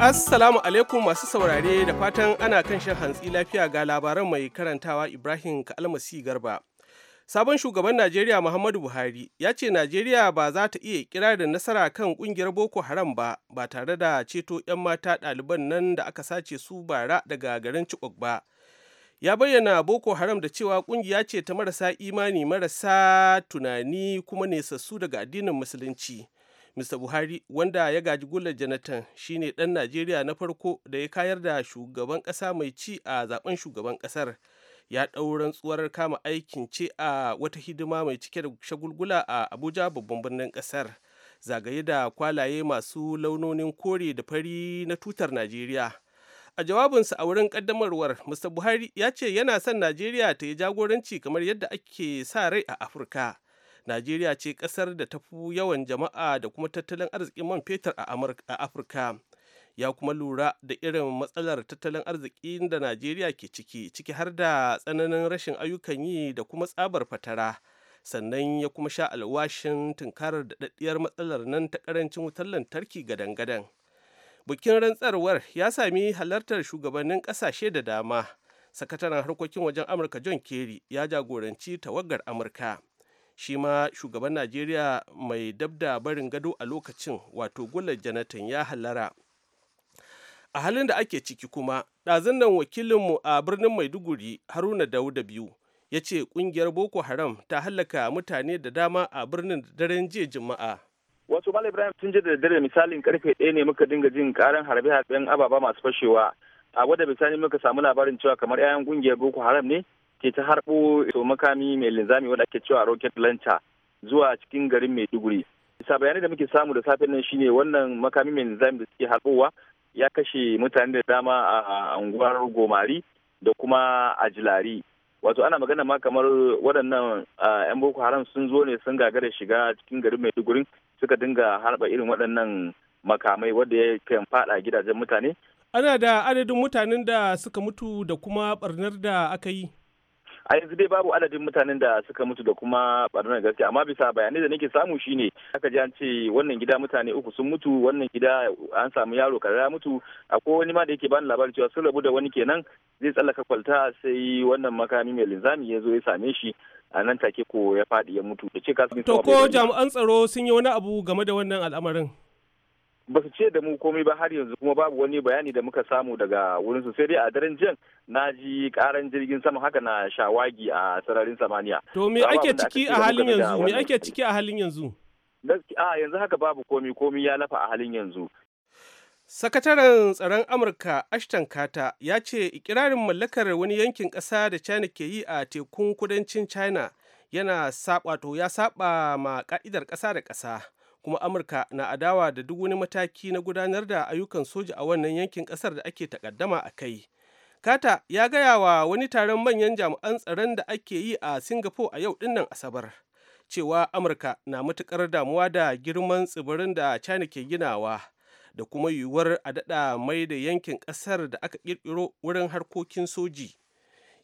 Assalamu alaikum masu saurare da fatan ana kan shan hantsi lafiya ga labaran mai karantawa Ibrahim Kalmasi Garba. Sabon shugaban Najeriya Muhammadu Buhari ya ce Najeriya ba za ta iya kira da nasara kan kungiyar Boko Haram ba ba tare da ceto 'yan mata ɗaliban nan da aka sace su bara daga garin Cikok ba. Ya bayyana Boko Haram da cewa kungiya ce ta marasa imani marasa tunani kuma nesassu daga addinin Musulunci. Mr. Buhari wanda ya gaji gula Jonathan shine ɗan Najeriya na farko da ya kayar da shugaban ƙasa mai ci a zaben shugaban ƙasar. Ya ɗau rantsuwar kama aikin ce a wata hidima mai cike da shagulgula a Abuja babban birnin ƙasar. Zagaye da kwalaye masu launonin kore da fari na tutar Najeriya. A jawabinsa a wurin ƙaddamarwar, Mr. Buhari ya ce yana son Najeriya ta yi jagoranci kamar yadda ake sa rai a Afirka. najeriya ce kasar da ta fi yawan jama'a da kuma tattalin arzikin man fetur a afirka ya kuma lura da irin matsalar tattalin arziki da najeriya ke ciki ciki har da tsananin rashin ayyukan yi da kuma tsabar fatara sannan ya kuma sha alwashin tunkarar daɗaɗɗiyar matsalar nan ta ƙarancin wutar lantarki gadan-gadan bikin rantsarwar ya sami halartar shugabannin ƙasashe da dama sakataren harkokin wajen amurka john kerry ya jagoranci tawagar amurka shi ma shugaban najeriya mai dabda barin gado a lokacin wato gula janatan ya hallara a halin da ake ciki kuma ɗazunnan nan wakilinmu a birnin maiduguri haruna dauda biyu ya ce ƙungiyar boko haram ta hallaka mutane da dama a birnin daren jiya jima'a wasu malam ibrahim sun je da dare misalin karfe ɗaya ne muka dinga jin karan harbe harben ababa masu fashewa a wadda misali muka samu labarin cewa kamar 'ya'yan ƙungiyar boko haram ne ke ta harbo to makami mai linzami wanda ake cewa rocket launcher zuwa cikin garin Maiduguri. Bisa bayanai da muke samu da safen nan shine wannan makami mai linzami da suke harbowa ya kashe mutane da dama a unguwar Gomari da kuma a Wato ana magana ma kamar waɗannan 'yan Boko Haram sun zo ne sun gagara shiga cikin garin Maiduguri suka dinga harba irin waɗannan makamai wadda ya kan faɗa gidajen mutane. Ana da adadin mutanen da suka mutu da kuma barnar da aka yi. a yanzu dai babu adadin mutanen da suka mutu da kuma barnar gaske amma bisa bayanai da nake samu shine aka ji an ce wannan gida mutane uku sun mutu wannan gida an samu yaro karara mutu akwai wani ma da yake bani labarin cewa sun rabu da wani kenan zai tsallaka kwalta sai wannan makami mai linzami ya zo ya same shi a nan take ko ya faɗi ya mutu da ce ka to ko jami'an tsaro sun yi wani abu game da wannan al'amarin ba su ce da mu komai ba har yanzu kuma babu wani bayani da muka samu daga wurin su sai dai a daren jiya na ji karan jirgin sama haka na shawagi a sararin samaniya to me ake ciki a halin yanzu me ake ciki a halin yanzu a yanzu haka babu komai komai ya lafa a halin yanzu Sakataren tsaron Amurka Ashton kata ya ce ikirarin mallakar wani yankin ƙasa da China ke yi a tekun kudancin China yana saba to ya saba ma ka'idar ƙasa da ƙasa. kuma amurka na adawa da duk wani mataki na gudanar da ayyukan soja a wannan yankin kasar da ake takaddama a kai kata ya gaya wa wani taron manyan jami'an tsaron da ake yi a singapore a yau dinnan asabar cewa amurka na matukar damuwa da girman tsibirin da china ke ginawa da kuma yiwuwar a daɗa mai da yankin ƙasar da aka ƙirƙiro wurin harkokin soji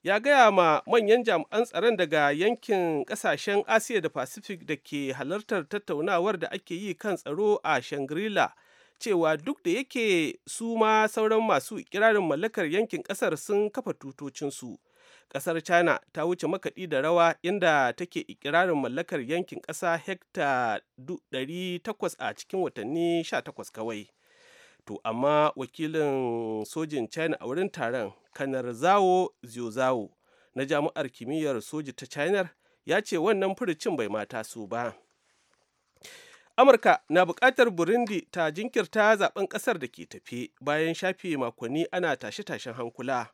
ya gaya ma manyan jami'an tsaron daga yankin kasashen asiya da pacific da ke halartar tattaunawar da ake yi kan tsaro a shangri-la cewa duk da yake su ma sauran masu ikirarin mallakar yankin kasar sun kafa tutocinsu kasar china ta wuce makaɗi da rawa inda take ikirarin mallakar yankin ƙasa hekta 800 a cikin watanni 18 kawai to amma wakilin sojin china a wurin taron kanar zawo zawo na jami'ar kimiyyar soji ta china ya ce wannan furucin bai mata su ba amurka na bukatar burundi ta jinkirta zaben kasar da ke tafe bayan shafe makonni ana tashe-tashen hankula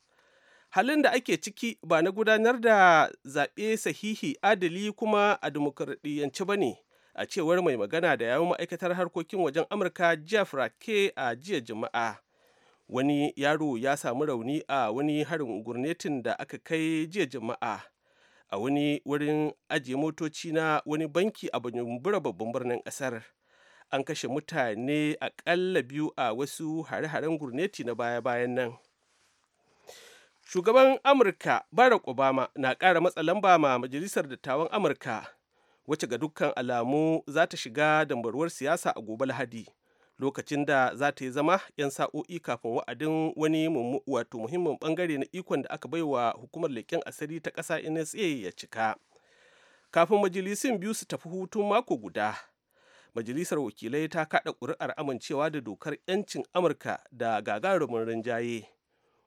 halin da ake ciki ba na gudanar da zaɓe sahihi adali kuma a dimokuraɗiyyance ba ne a cewar mai magana da yawon ma'aikatar harkokin wajen amurka jeff rake a jiya juma'a wani yaro ya samu rauni a wani harin gurnetin da aka kai jiya juma'a a wani wurin ajiye motoci na wani banki a banyumbura babban birnin kasar an kashe mutane aƙalla biyu a wasu hare-haren gurneti na baya-bayan nan shugaban amurka barack obama na ƙara matsa lamba ma majalisar dattawan amurka wacce ga dukkan alamu za ta shiga dambarwar siyasa a gobe lahadi lokacin da za ta yi zama 'yan sa'o'i kafin wa'adin wani wato muhimmin bangare na ikon da aka baiwa hukumar leƙen asiri ta ƙasa nsa ya cika kafin majalisun biyu su tafi hutun mako guda majalisar wakilai ta kaɗa ƙuri'ar amincewa da dokar 'yancin amurka da gagarumin rinjaye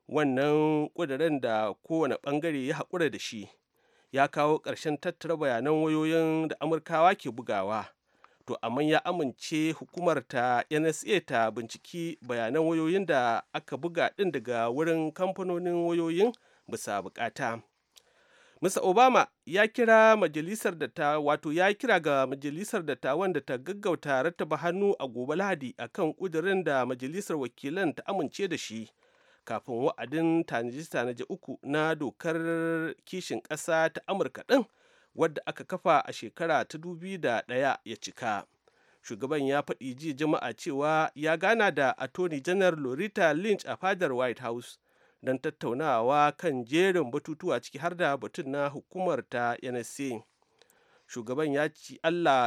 wannan ƙudurin da kowane ɓangare ya haƙura da shi ya kawo ƙarshen tattara bayanan wayoyin da amurkawa ke bugawa to amma ya amince hukumar ta nsa ta binciki bayanan wayoyin da aka buga ɗin daga wurin kamfanonin wayoyin bisa bukata Mr. Obama ya kira majalisar da ta wato ya kira ga majalisar da ta wanda ta gaggauta rattaba hannu a gobe Lahadi akan kudirin da majalisar wakilan ta amince da shi kafin wa'adin tanaje-tanaje uku na dokar kishin ƙasa ta amurka ɗin wadda aka kafa a shekara ta dubi da ɗaya ya cika shugaban ya faɗi ji jama'a cewa ya gana da attorney general lorita lynch a fadar white house don tattaunawa kan jerin batutuwa ciki har da batun na hukumar ta nsa ya ce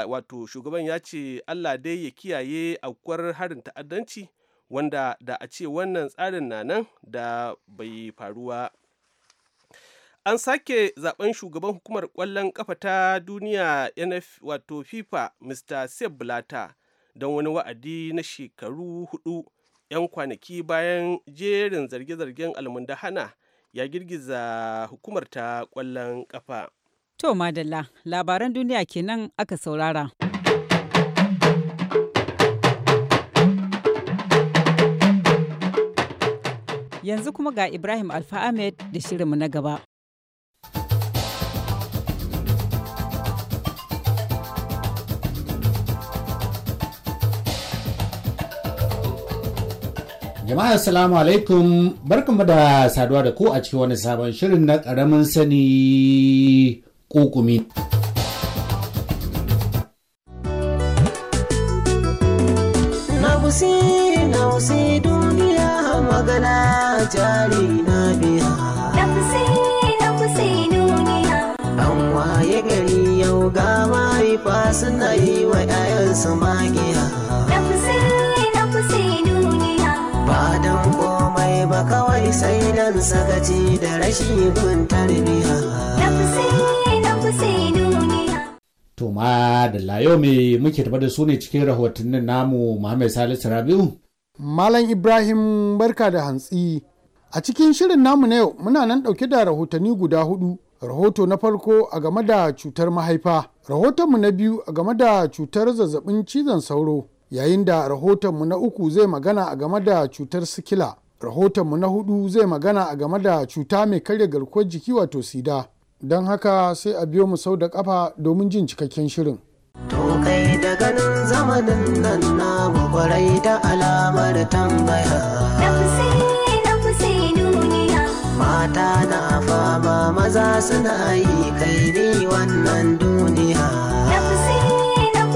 wato shugaban ya ce allah dai ya kiyaye aukuwar harin ta'addanci wanda da a ce wannan tsarin na nan da bai faruwa an sake zaben shugaban hukumar kwallon kafa ta duniya nf wato fifa mr sep blata don wani wa'adi na shekaru hudu 'yan kwanaki bayan jerin zarge-zargen almundahana ya girgiza hukumar ta kwallon kafa to madalla labaran duniya kenan aka saurara Yanzu kuma ga Ibrahim Alfa Ahmed da shirinmu na gaba. Jama'a assalamu alaikum barkanmu da saduwa da ku a cikin wani sabon shirin na ƙaramin sani kukumi. sai dan sakaci da rashin bin tarbiya to ma da layo me muke tafa da su ne cikin rahotannin namu Muhammad Salisu Rabiu Malam Ibrahim barka da hantsi a cikin shirin namu na yau muna nan ɗauke da rahotanni guda hudu rahoto na farko a game da cutar mahaifa rahotonmu na biyu a game da cutar zazzabin cizon sauro yayin da rahotonmu na uku zai magana a game da cutar sikila rahotonmu na hudu zai magana a game da cuta mai karya garkuwar jiki wato sida don haka sai a biyo mu sau da kafa domin jin cikakken shirin Tokai da ganin zamanin nan na da alamar tambaya mata na fama maza suna yi kai ni wannan duniya na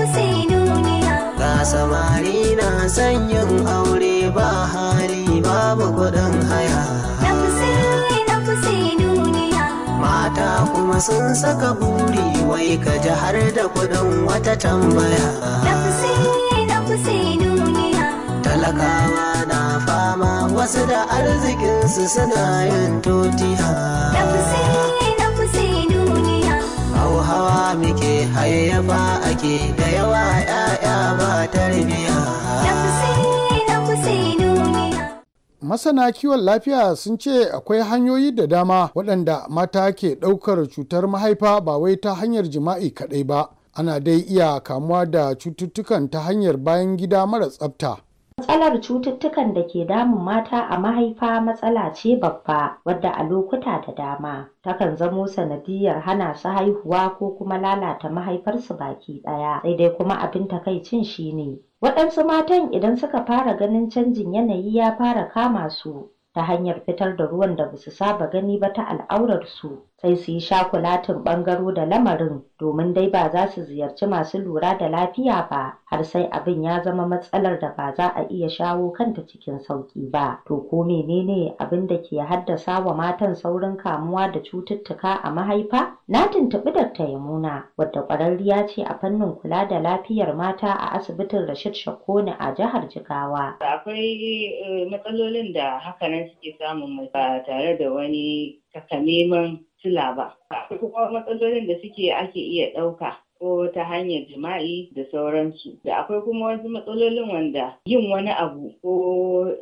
duniya ga samari na sanyin aure ba kuɗin haya mata kuma sun saka buri wai ka ji har da kuɗin wata tambaya talakawa na fama wasu da arzikinsu suna yin totiya Hauhawa muke hayayyafa ake da yawa 'ya'ya ba tarbiya. Na Hussein, na masana kiwon lafiya sun ce akwai hanyoyi da dama waɗanda mata ke ɗaukar cutar mahaifa ba wai ta hanyar jima'i kaɗai ba ana dai iya kamuwa da cututtukan ta hanyar bayan gida mara tsafta Matsalar cututtukan da ke damun mata a mahaifa matsala ce babba wadda a lokuta da dama takan zamo sanadiyar hana su haihuwa ko kuma lalata mahaifarsu baki ɗaya, sai dai kuma abin takaicin shi ne waɗansu matan idan suka fara ganin canjin yanayi ya fara kama su ta hanyar fitar da ruwan da basu saba gani ba ta al'aurarsu sai su yi shakulatin ɓangaro da lamarin domin dai ba za su ziyarci masu lura da lafiya ba har sai abin ya zama matsalar da ba za a iya shawo kanta cikin sauƙi ba. To ko menene abin da ke haddasa wa matan saurin kamuwa da cututtuka a mahaifa? Na tuntuɓi Dr. Yamuna wadda ƙwararriya ce a fannin kula da lafiyar mata a asibitin Rashid Shakoni a jihar Jigawa. Akwai eh, matsalolin da haka hakanan suke samun ba tare da wani takamaiman sila ba. kuma matsalolin da suke ake iya ɗauka ko ta hanyar jima'i da sauransu da akwai kuma wasu matsalolin wanda yin wani abu ko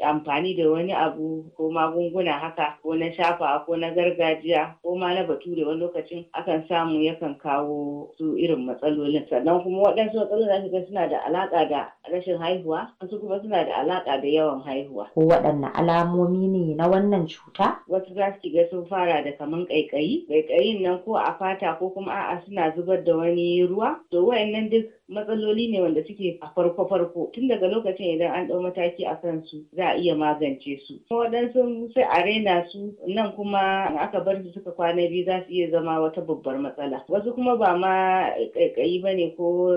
amfani da wani abu ko magunguna haka ko na shafa ko na gargajiya ko ma na bature wani lokacin akan samu yakan kawo su irin matsalolin sannan kuma waɗansu matsalolin da suna da alaƙa da rashin haihuwa wasu kuma suna da alaƙa da yawan haihuwa ko waɗanne alamomi ne na wannan cuta wasu za su ga sun fara da kaman ƙaiƙayi ƙaiƙayin nan ko a fata ko kuma a'a suna zubar da wani ruwa to wayannan duk matsaloli ne wanda suke a farko farko tun daga lokacin idan an ɗau mataki a kan su za a iya magance su waɗansu sai a rena su nan kuma aka bar su suka kwana biyu za su iya zama wata babbar matsala wasu kuma ba ma ƙaiƙayi ba ne ko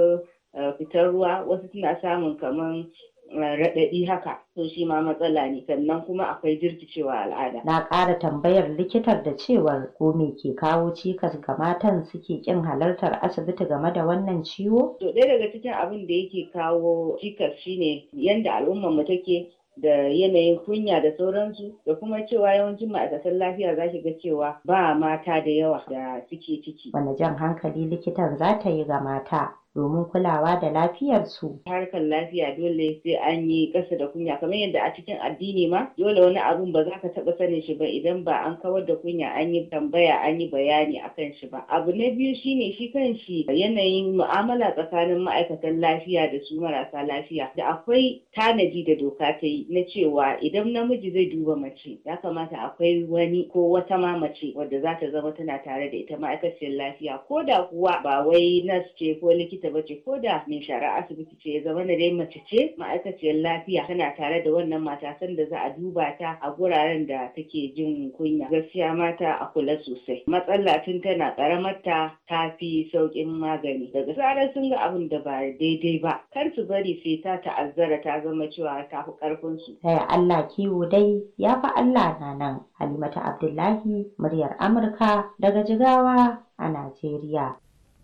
eh, fitar ruwa wasu suna samun kaman Eh, raɗaɗi haka to shi ma matsala ne sannan kuma akwai jirkicewa al'ada. Na ƙara tambayar likitar da cewar ko me ke kawo cikas ga matan suke ƙin halartar asibiti game da wannan ciwo? To ɗaya daga cikin abin da yake kawo cikas shine yanda al'ummar mu take da yanayin kunya da sauransu da kuma cewa yawancin ma'aikatan lafiya za ga cewa ba mata da yawa da suke ciki. Wane jan hankali likitan za ta yi ga mata domin kulawa da lafiyarsu. Harkar lafiya dole sai an yi ƙasa da kunya kamar yadda a cikin addini ma dole wani abun ba za ka taɓa sanin shi ba idan ba an kawar da kunya an yi tambaya an yi bayani akan shi ba. Abu na biyu shine shi kan shi yanayin mu'amala tsakanin ma'aikatan lafiya da su marasa lafiya da akwai tanadi da doka ta yi na cewa idan namiji zai duba mace ya kamata akwai wani ko wata ma mace wadda za ta zama tana tare da ita ma'aikaciyar lafiya ko da kuwa ba wai nas ce ko likita ta bace ko da mai shara asibiti ce ya zama dai mace ce ma'aikaciyar lafiya tana tare da wannan mata sanda za a duba ta a guraren da take jin kunya gaskiya mata a kula sosai matsala tun tana karamar ta fi saukin magani daga zarar sun ga abin da ba daidai ba kar su bari sai ta ta'azzara ta zama cewa ta fi karfin su taya Allah kiwo dai ya fi Allah na nan Halimatu Abdullahi muryar Amurka daga Jigawa a Najeriya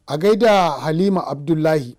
a gaida halima abdullahi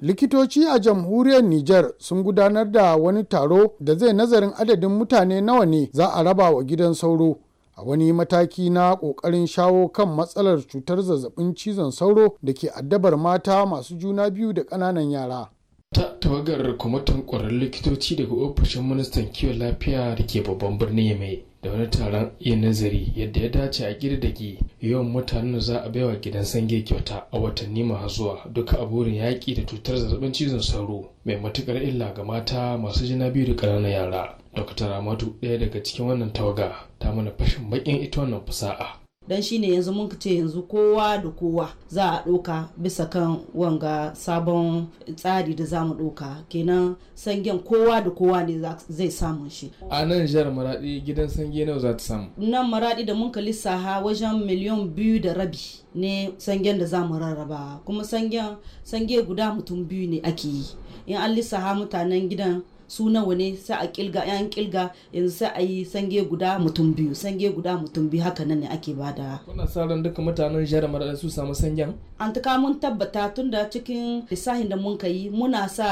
likitoci a jamhuriyar niger sun gudanar da wani taro da zai nazarin adadin mutane nawa ne za a raba wa gidan sauro a wani mataki na ƙoƙarin shawo kan matsalar cutar zazzabin cizon sauro da ke addabar mata masu juna biyu da ƙananan yara ta tawagar kwamitin ƙwararrun likitoci daga ofishin ministan kiwon lafiya da ke babban birnin yamai da wani taron iya nazari yadda ya dace a girdagi yawan mutanen da za a baiwa gidan sange kyauta a watanni masu zuwa duka a burin yaƙi da cutar zazzabin cizon sauro mai matukar illa ga mata masu jina biyu da ƙananan yara dr ramatu ɗaya daga cikin wannan tawaga ta mana fashin baƙin ita wannan fasa'a don shine yanzu mun ce yanzu kowa da kowa za a ɗoka bisa kan wanga sabon tsari da za mu ɗoka kenan sangen kowa da kowa ne zai samun shi a nan jihar maradi gidan sange nawa za ta samu nan maradi da mun lissa ha wajen miliyan biyu da rabi ne sangen da za mu rarraba kuma sangen sange guda mutum biyu ne ake yi in an lissaha mutanen gidan su nawa ne sai a kilga yan kilga yanzu sai a yi sange guda mutum biyu sange guda mutum biyu haka nan ne ake bada kuna sa ran duka mutanen da su samu sangen an ta mun tabbata tunda cikin lissahin da mun yi muna sa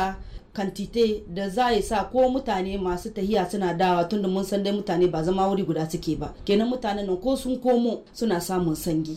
kantite da za ya sa ko mutane masu tahiya suna dawa tunda mun san dai mutane ba zama wuri guda suke ba kenan mutanen nan ko sun komo suna samun sangi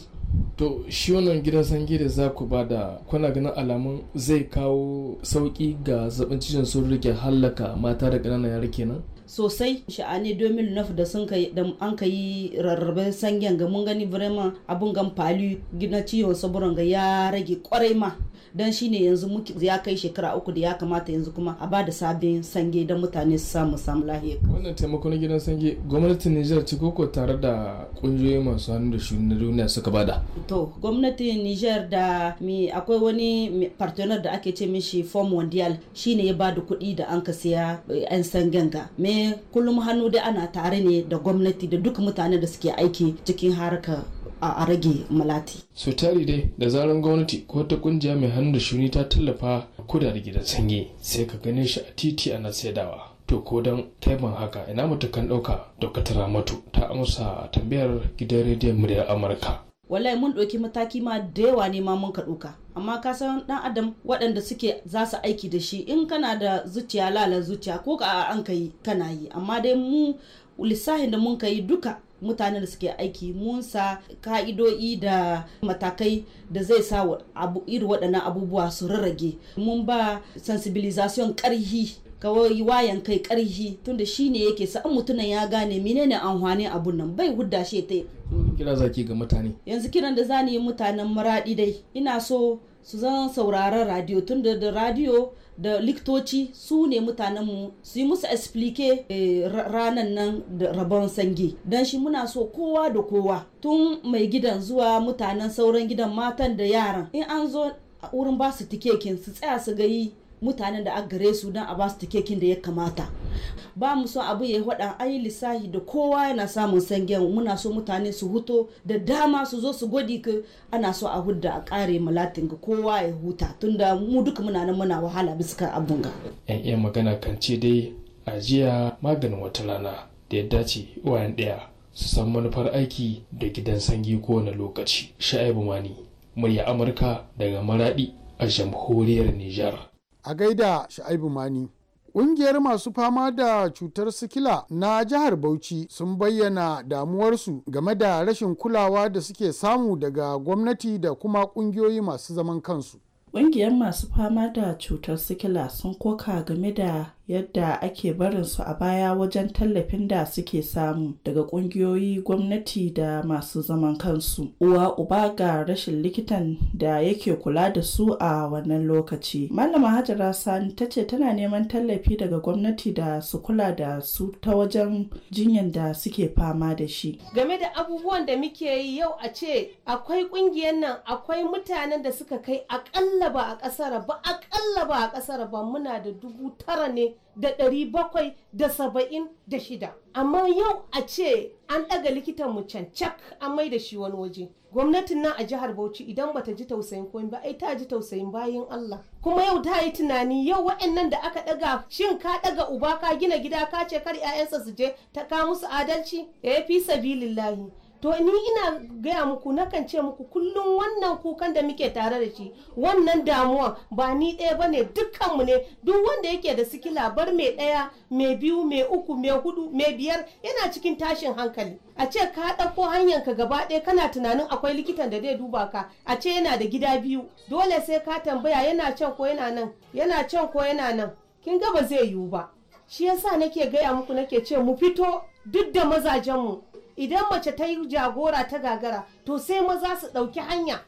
to shi wannan gidan sange da za ku ba da kuna ganin alamun zai kawo sauƙi ga zaben cizon sun rike hallaka mata da ƙananan yara kenan sosai sha'ani domin nuf da sun kai da an kai rarrabe sangen ga mun gani vraiment abun gan fali gina ciwon saburan ga ya rage kwarai ma don shine yanzu ya kai shekara uku da ya kamata yanzu kuma a ba da sabin sange don mutane su samu samu lahiya wannan taimako na gidan sange gwamnatin niger ci koko tare da kungiyoyi masu hannu da shi duniya suka bada to gwamnatin Nijar da mi akwai wani partner da ake ce mishi form mondial shine ya da kuɗi da an ka siya yan eh, sangen ga me kullum hannu dai ana tare ne da gwamnati da duka mutane da suke aiki cikin harkar a rage malati. so tari dai da zarar gwamnati ko ta kungiya mai hannu da shuni ta tallafa kuda da gidan sanyi sai ka gane shi a titi a ana saidawa to ko don taimakon haka ina mutukan ɗauka dokta ramatu ta amsa tambayar gidan rediyon muryar amurka wallahi mun ɗauki mataki ma da yawa ne ma mun ka ɗauka amma ka san ɗan adam waɗanda suke za su aiki da shi in kana da zuciya lalar zuciya ko ka an ka yi kana yi amma dai mu lissahin da mun ka yi duka mutanen da suke aiki mun sa ka'idoi da matakai da zai sa iri waɗannan abubuwa su rarrage mun ba sensibilization ƙarhi kawai wayan kai ƙarhi tunda shi ne yake sa an mutunan ya gane menene amfani abun nan bai hudda shi ta kira zaki ga mutane yanzu kiran da zani yi mutanen maradi dai ina so su zan sauraron radio tun da radio da liktoci su ne mutanenmu su yi musu explique eh, ranan nan da rabon sange don shi muna so kowa da kowa tun mai gidan zuwa mutanen sauran gidan matan da yaran in an zo a wurin ba su tikekin su tsaya su gayi mutanen da gare su don a ba su tikekin da ya kamata ba mu so abu ya haɗa an ayi lissahi da kowa yana samun sangen muna so mutane su huto da dama su zo su gwadi ka ana so a hudda a kare malatin ga kowa ya huta tunda mu duka muna nan muna wahala bisa abun ga yan iya magana kan ce dai ajiya maganin wata rana da ya dace wayan ɗaya su san manufar aiki da gidan sanyi kowane lokaci sha'ibu mani murya amurka daga maraɗi a jamhuriyar nijar a gaida sha'ibu mani Ƙungiyar masu fama da cutar sikila na jihar Bauchi sun bayyana damuwarsu game da rashin kulawa da suke samu daga gwamnati da kuma ƙungiyoyi masu zaman kansu. Ƙungiyar masu fama da cutar sikila sun koka game da yadda ake barinsu a baya wajen tallafin da suke samu daga ƙungiyoyi, gwamnati da masu zaman kansu uwa uba ga rashin likitan da yake kula da su a wannan lokaci malama hajara sani ta ce tana neman tallafi daga gwamnati da su kula da su ta wajen jinyar da suke fama da shi game da abubuwan da muke yi yau a ce akwai kungiyar nan akwai mutanen da suka kai akalla ba a ƙasar ba akalla ba a ƙasar ba muna da dubu tara ne da ɗari bakwai da saba'in da shida amma yau a ce an ɗaga likitan mu cancak an mai da shi wani waje gwamnatin nan a jihar bauchi idan bata ji tausayin komai ba ai ta ji tausayin bayan allah kuma yau ta yi tunani yau wa'annan da aka ɗaga shin ka ɗaga uba ka gina gida ka ce kar 'ya'yansa su je ta ka musu adalci ya eh, fi sabilillahi to ni ina gaya muku nakan ce muku kullum wannan kukan da muke tare da shi wannan damuwa ba ni ɗaya ba ne dukkanmu ne duk wanda yake da sikila bar mai ɗaya mai biyu mai uku mai hudu mai biyar yana cikin tashin hankali a ce ka ɗauko hanyar ka gaba ɗaya kana tunanin akwai likitan da zai duba ka a ce yana da gida biyu dole sai ka tambaya yana can ko yana nan yana can ko yana nan kin ga ba zai yiwu ba shi yasa nake gaya muku nake ce mu fito duk da mazajenmu idan mace ta yi jagora ta gagara to sai maza su ɗauki hanya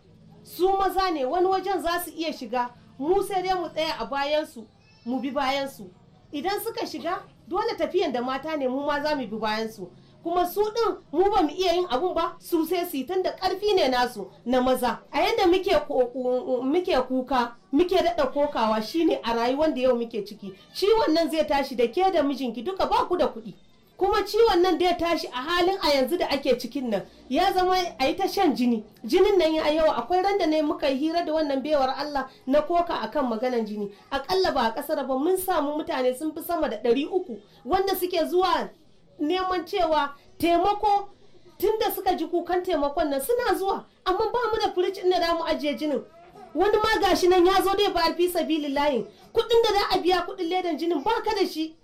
su maza ne wani wajen za su iya shiga mu sai dai mu tsaya a bayansu mu bi bayansu idan suka shiga dole tafiyan da mata ne mu ma za mu bi bayansu kuma su ɗin mu ba mu iya yin abun ba su sai su tun da ƙarfi ne nasu na maza a yadda muke kuka muke daɗa kokawa shine a rayuwar da yau muke ciki ciwon nan zai tashi da ke da mijinki duka ba ku da kuɗi kuma ciwon nan da ya tashi a halin a yanzu da ake cikin nan ya zama a yi ta shan jini jinin nan ya yawa akwai randa ne muka yi hira da wannan bewar Allah na koka akan maganan jini akalla ba a kasar ba mun samu mutane sun fi sama da ɗari uku wanda suke zuwa neman cewa taimako tunda suka ji kukan taimakon nan suna zuwa amma ba mu da firij da za mu ajiye jinin wani ma gashi nan ya zo dai ba alfi layin, kuɗin da za a biya kuɗin ledan jinin ba ka da shi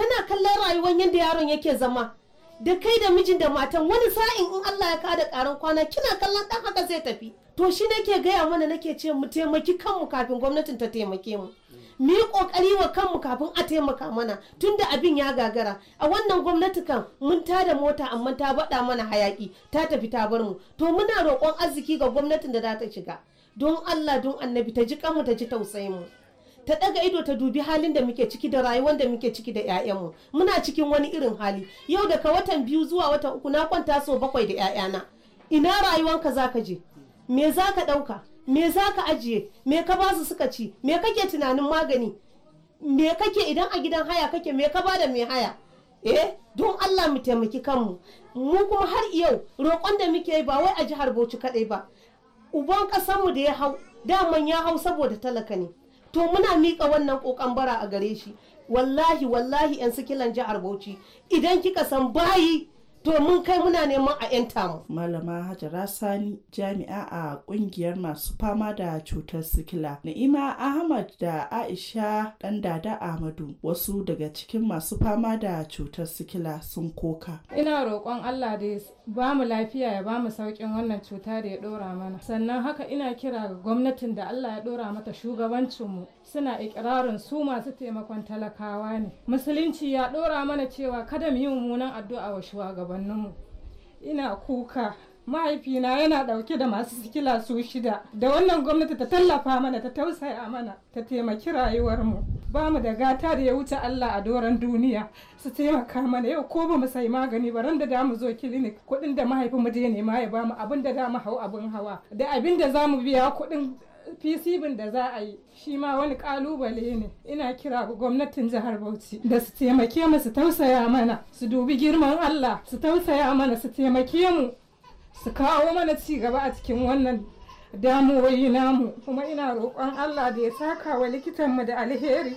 kana kallon rayuwar yadda yaron yake zama da kai da mijin da matan wani sa'in in Allah ya kada karan kwana kina kallon dan haka zai tafi to shi nake gaya mana nake ce mu taimaki kanmu kafin gwamnatin ta taimake mu mu yi kokari wa kanmu kafin a taimaka mana tunda abin ya gagara a wannan gwamnati kan mun ta da mota amma ta bada mana hayaki ta tafi ta bar mu to muna roƙon arziki ga gwamnatin da za ta shiga don Allah don annabi ta ji kanmu ta ji tausayin mu ta daga ido ta dubi halin da muke ciki da rayuwar da muke ciki da 'ya'yanmu muna cikin wani irin hali yau daga watan biyu zuwa watan uku na kwanta so bakwai da 'ya'yana ina rayuwanka ka je me za ka ɗauka me za ka ajiye me ka basu suka ci me kake tunanin magani me kake idan a gidan haya kake me ka da me haya eh don Allah mu taimaki kanmu mu kuma har yau roƙon da muke yi ba wai a jihar Bauchi kadai ba uban ƙasarmu da ya hau daman ya hau saboda talaka ne to muna miƙa wannan ƙoƙan bara a gare shi wallahi wallahi 'yan sikilan jihar bauchi idan kika san bayi to mun kai muna neman a yanta mu. Malama Hajara Sani jami'a a kungiyar masu fama da cutar sikila. Na'ima Ahmad da Aisha dan dada Ahmadu wasu daga cikin masu fama da cutar sikila sun koka. Ina roƙon Allah da ya ba mu lafiya ya ba mu sauƙin wannan cuta da ya ɗora mana. Sannan haka ina kira ga gwamnatin da Allah ya ɗora mata shugabancinmu suna ikirarin su masu taimakon talakawa ne musulunci ya ɗora mana cewa kada mu yi mummunan addu'a wa shugabanninmu ina kuka mahaifina yana ɗauke da masu sikila su shida da wannan gwamnati ta tallafa mana ta tausaya mana ta taimaki rayuwarmu ba mu da gata da ya wuce Allah a doron duniya su taimaka mana yau ko ba mu sai magani ba ran da mu zo kilinik kuɗin da mahaifinmu mu je nema ya ba mu abin da mu hau abin hawa da abin da za mu biya kuɗin bin da za a yi shi ma wani kalubale ne ina kira ga gwamnatin jihar Bauchi da su taimake mu su tausaya mana su dubi girman Allah su tausaya mana su taimake mu su kawo mana ci gaba a cikin wannan damuwoyi namu kuma ina roƙon Allah da ya saka wa mu da alheri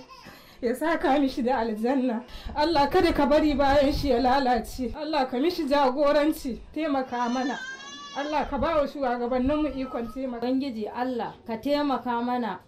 ya saka mishi da aljanna Allah kada ka bari bayan shi ya lalace Allah ka mishi jagoranci taimaka mana Allah ka ba wa shugabannin mu ikon taimaka. Ubangiji Allah ka taimaka mana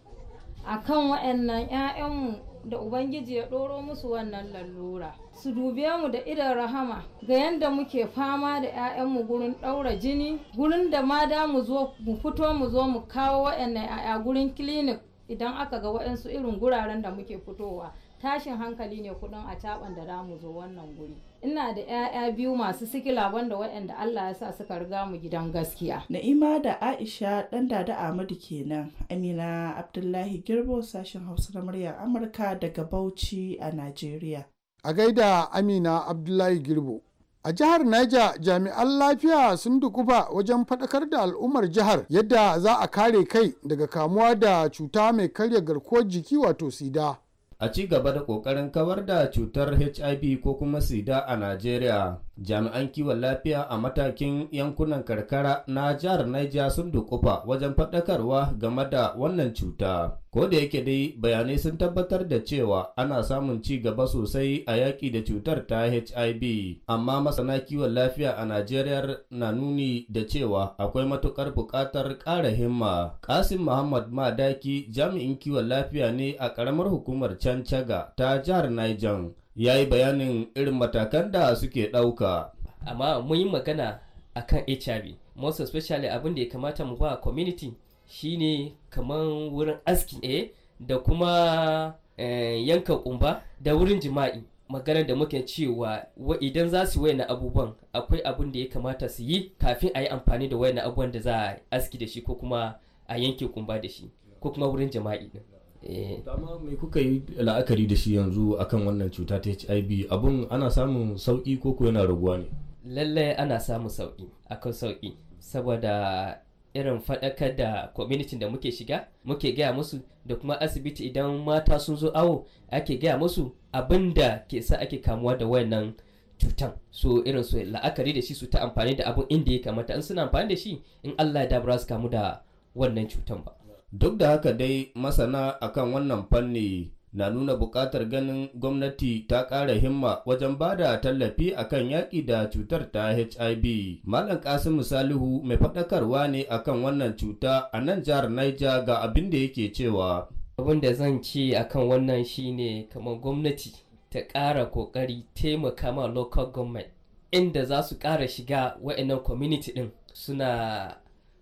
akan waɗannan 'ya'yanmu da Ubangiji ya ɗoro musu wannan lallura Su dube mu da idan rahama ga yadda muke fama da 'ya'yanmu gurin ɗaura jini, gurin da ma da mu zo mu fito mu zo mu kawo waɗannan 'ya'ya gurin clinic idan aka ga waɗansu irin guraren da muke fitowa. Tashin hankali ne kuɗin a caɓan da za mu zo wannan guri. ina da 'ya'ya biyu masu sikila wanda waɗanda Allah ya sa suka riga mu gidan gaskiya. Na'ima da Aisha ɗan dada Ahmadu kenan. Amina Abdullahi Girbo sashen Hausa na muryar Amurka daga Bauchi a Najeriya. A gaida Amina Abdullahi Girbo. A jihar Niger jami'an lafiya sun dukuba wajen faɗakar da al'ummar jihar yadda za a kare kai daga kamuwa da cuta mai karya garkuwar jiki wato sida. a ci gaba da ƙoƙarin kawar da cutar hiv ko kuma sida a najeriya jami'an kiwon lafiya a matakin yankunan karkara na jihar Niger sun dukufa wajen faɗakarwa game da wannan cuta. Ko da yake dai bayanai sun tabbatar da cewa ana samun ci gaba sosai a yaƙi da cutar ta HIV, amma masana kiwon lafiya a Najeriya na nuni da cewa akwai matuƙar buƙatar ƙara himma. Kasim Muhammad Madaki jami'in kiwon lafiya ne a ƙaramar hukumar Cancaga ta jihar Niger. ya yi bayanin irin matakan da suke ɗauka. Amma mun yi magana a kan HIV, most especially abin da ya kamata mu ba community shine kamar wurin askin eh da kuma eh, yanka kumba da wurin jima'i. maganar da muke cewa idan za su wayan abubuwan akwai abin da ya kamata su yi kafin a yi amfani da wayan abubuwan da za a aski da shi ko kuma a yanke kumba da shi ko kuma wurin jima'i din. Eh. dama mai kuka yi la'akari da shi yanzu akan wannan cuta ta hiv abun ana samun sauki ko ko yana raguwa ne lallai ana samun sauki akan sauki saboda irin faɗakar da kwamitin da muke shiga muke gaya musu da kuma asibiti idan mata sun zo awo ake gaya musu abin da ke sa ake kamuwa da wannan cutan so irin su la'akari da shi su ta amfani da abin inda ya kamata in suna amfani da shi in allah ya dabara su kamu da wannan cutan ba Duk da haka dai masana akan wannan fanni na nuna buƙatar ganin gwamnati ta ƙara himma wajen ba da tallafi akan yaƙi da cutar ta HIV. Malam Kasimu Salihu mai faɗakarwa ne akan wannan cuta a nan jihar Niger ga abin da yake cewa. Abin da zan ce akan wannan shine kamar gwamnati ta ƙara ƙoƙari taimaka ma local government inda za su ƙara shiga wa'annan community ɗin suna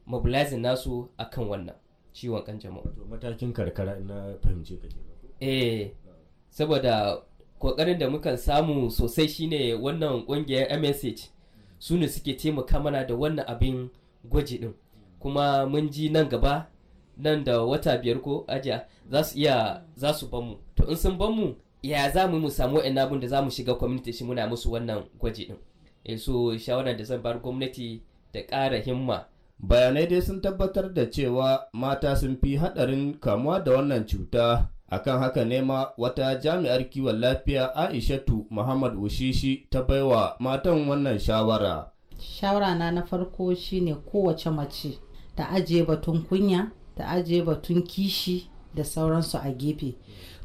mobilizing nasu akan wannan. ciwon kanjamau wato matakin karkara na fahimce ka eh saboda kokarin da muka samu sosai shine wannan kungiyar msh su ne suke taimaka mana da wannan abin gwaji din kuma mun ji nan gaba nan da wata biyar ko ajiya za su iya za su ban to in sun ban mu ya za mu mu samu wa'in abin da za mu shiga community shi muna musu wannan gwaji din eh so shawarar da zan bar gwamnati da ƙara himma bayanai dai sun tabbatar da cewa mata sun fi haɗarin kamuwa da wannan cuta akan haka nema wata jami'ar kiwon lafiya aishatu muhammad ushishi ta baiwa matan wannan shawara shawara na na farko shine kowace mace ta ajiye batun kunya ta ajiye batun kishi da sauransu a gefe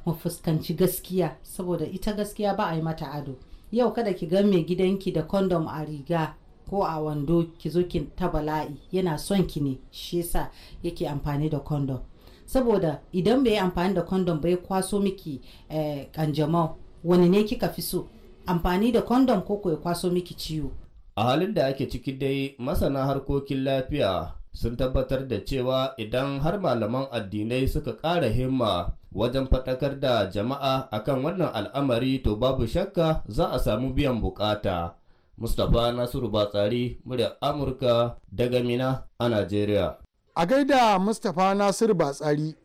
mu fuskanci gaskiya saboda ita gaskiya ba a yi mata ado yau kada ki gan mai gidanki da kondom a riga ko a wando ki zo ta bala'i yana son ki ne shi yasa yake amfani da condom saboda idan bai amfani da condom bai kwaso miki eh, kanjamau wani ne kika fi so amfani da condom ko ya kwaso miki ciwo a halin da ake ciki dai masana harkokin lafiya sun tabbatar da cewa idan har malaman addinai suka kara himma wajen faɗakar da jama'a akan wannan al'amari to babu shakka za a samu biyan bukata Mustapha Nasiru Batsari murya Amurka daga Mina a Najeriya. A gaida Mustapha Nasiru Batsari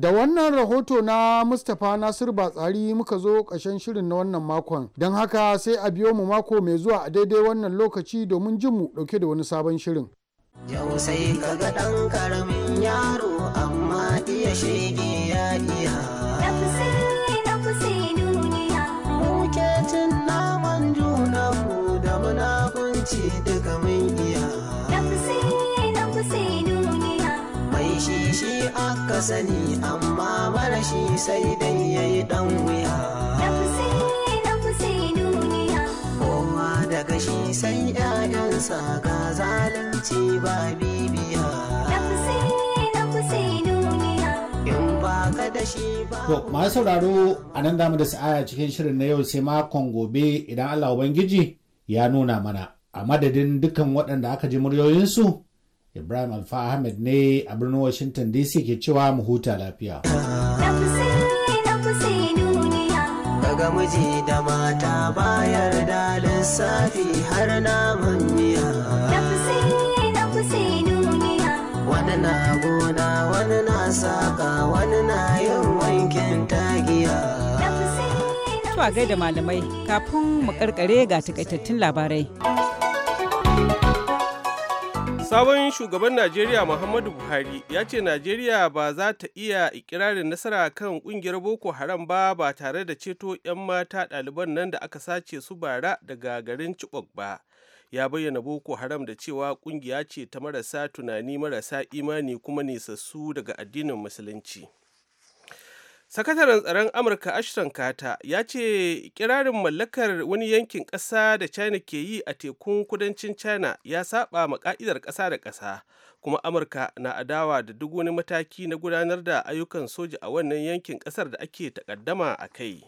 Da wannan rahoto na Mustapha Nasir Batsari muka zo ƙashen shirin na wannan makon, don haka sai a biyo mu mako mai zuwa a daidai wannan lokaci domin jin mu ɗauke da wani sabon shirin. Yau sai ka ga ɗan ƙaramin yaro amma iya shege ce daga mun iya mai shi aka sani amma mara shi sai dai yayi dan wuya kowa daga shi sai 'ya'yansa ga zalunci ba bibiya To, masu sauraro a nan damu da sa'aya cikin shirin na yau sai makon gobe idan Allah Ubangiji ya nuna mana. a madadin dukkan waɗanda aka ji muryoyinsu ibrahim alfa ahmed ne a birnin washington dc ke cewa mu huta lafiya daga miji da mata bayar da lissafi har naman miya wani na gona wani na saka wani na yin wankin tagiya zuwa gaida malamai kafin mu karkare ga takaitattun labarai. Sabon shugaban Najeriya Muhammadu Buhari ya ce Najeriya ba za ta iya ikirarin nasara kan kungiyar Boko Haram ba ba tare da ceto 'yan mata ɗaliban nan da aka sace su bara daga garin Chibok ba. Ya bayyana Boko Haram da cewa kungiya ce ta marasa tunani marasa imani kuma nisassu daga addinin Musulunci. sakataren tsaron amurka ashton kata ya ce kirarin mallakar wani yankin ƙasa da china ke yi a tekun kudancin china ya saba ma ka'idar ƙasa da ƙasa kuma amurka na adawa da duk wani mataki na gudanar da ayyukan soja a wannan yankin ƙasar da ake takaddama a kai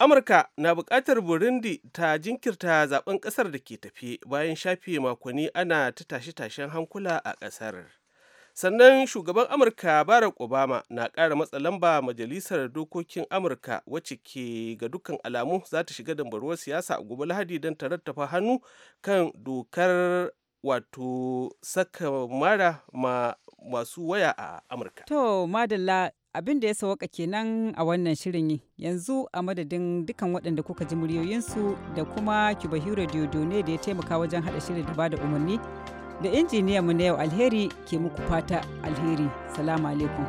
amurka na buƙatar burundi ta jinkirta zaben ƙasar da ke tafe bayan shafe makonni ana ta tashe-tashen hankula a ƙasar sannan shugaban amurka barack obama na kara matsa lamba majalisar dokokin amurka wacce ke ga dukkan alamu za ta shiga dambarwar siyasa a gobe lahadi don ta rattafa hannu kan dokar wato saka mara ma masu waya a amurka to madalla abin da ya sauka kenan a wannan shirin yanzu a madadin dukkan waɗanda kuka ji muryoyinsu da kuma kibahiro diodone da ya taimaka wajen haɗa shirin da bada umarni da injiniya mu na yau alheri ke muku fata alheri salamu alaikum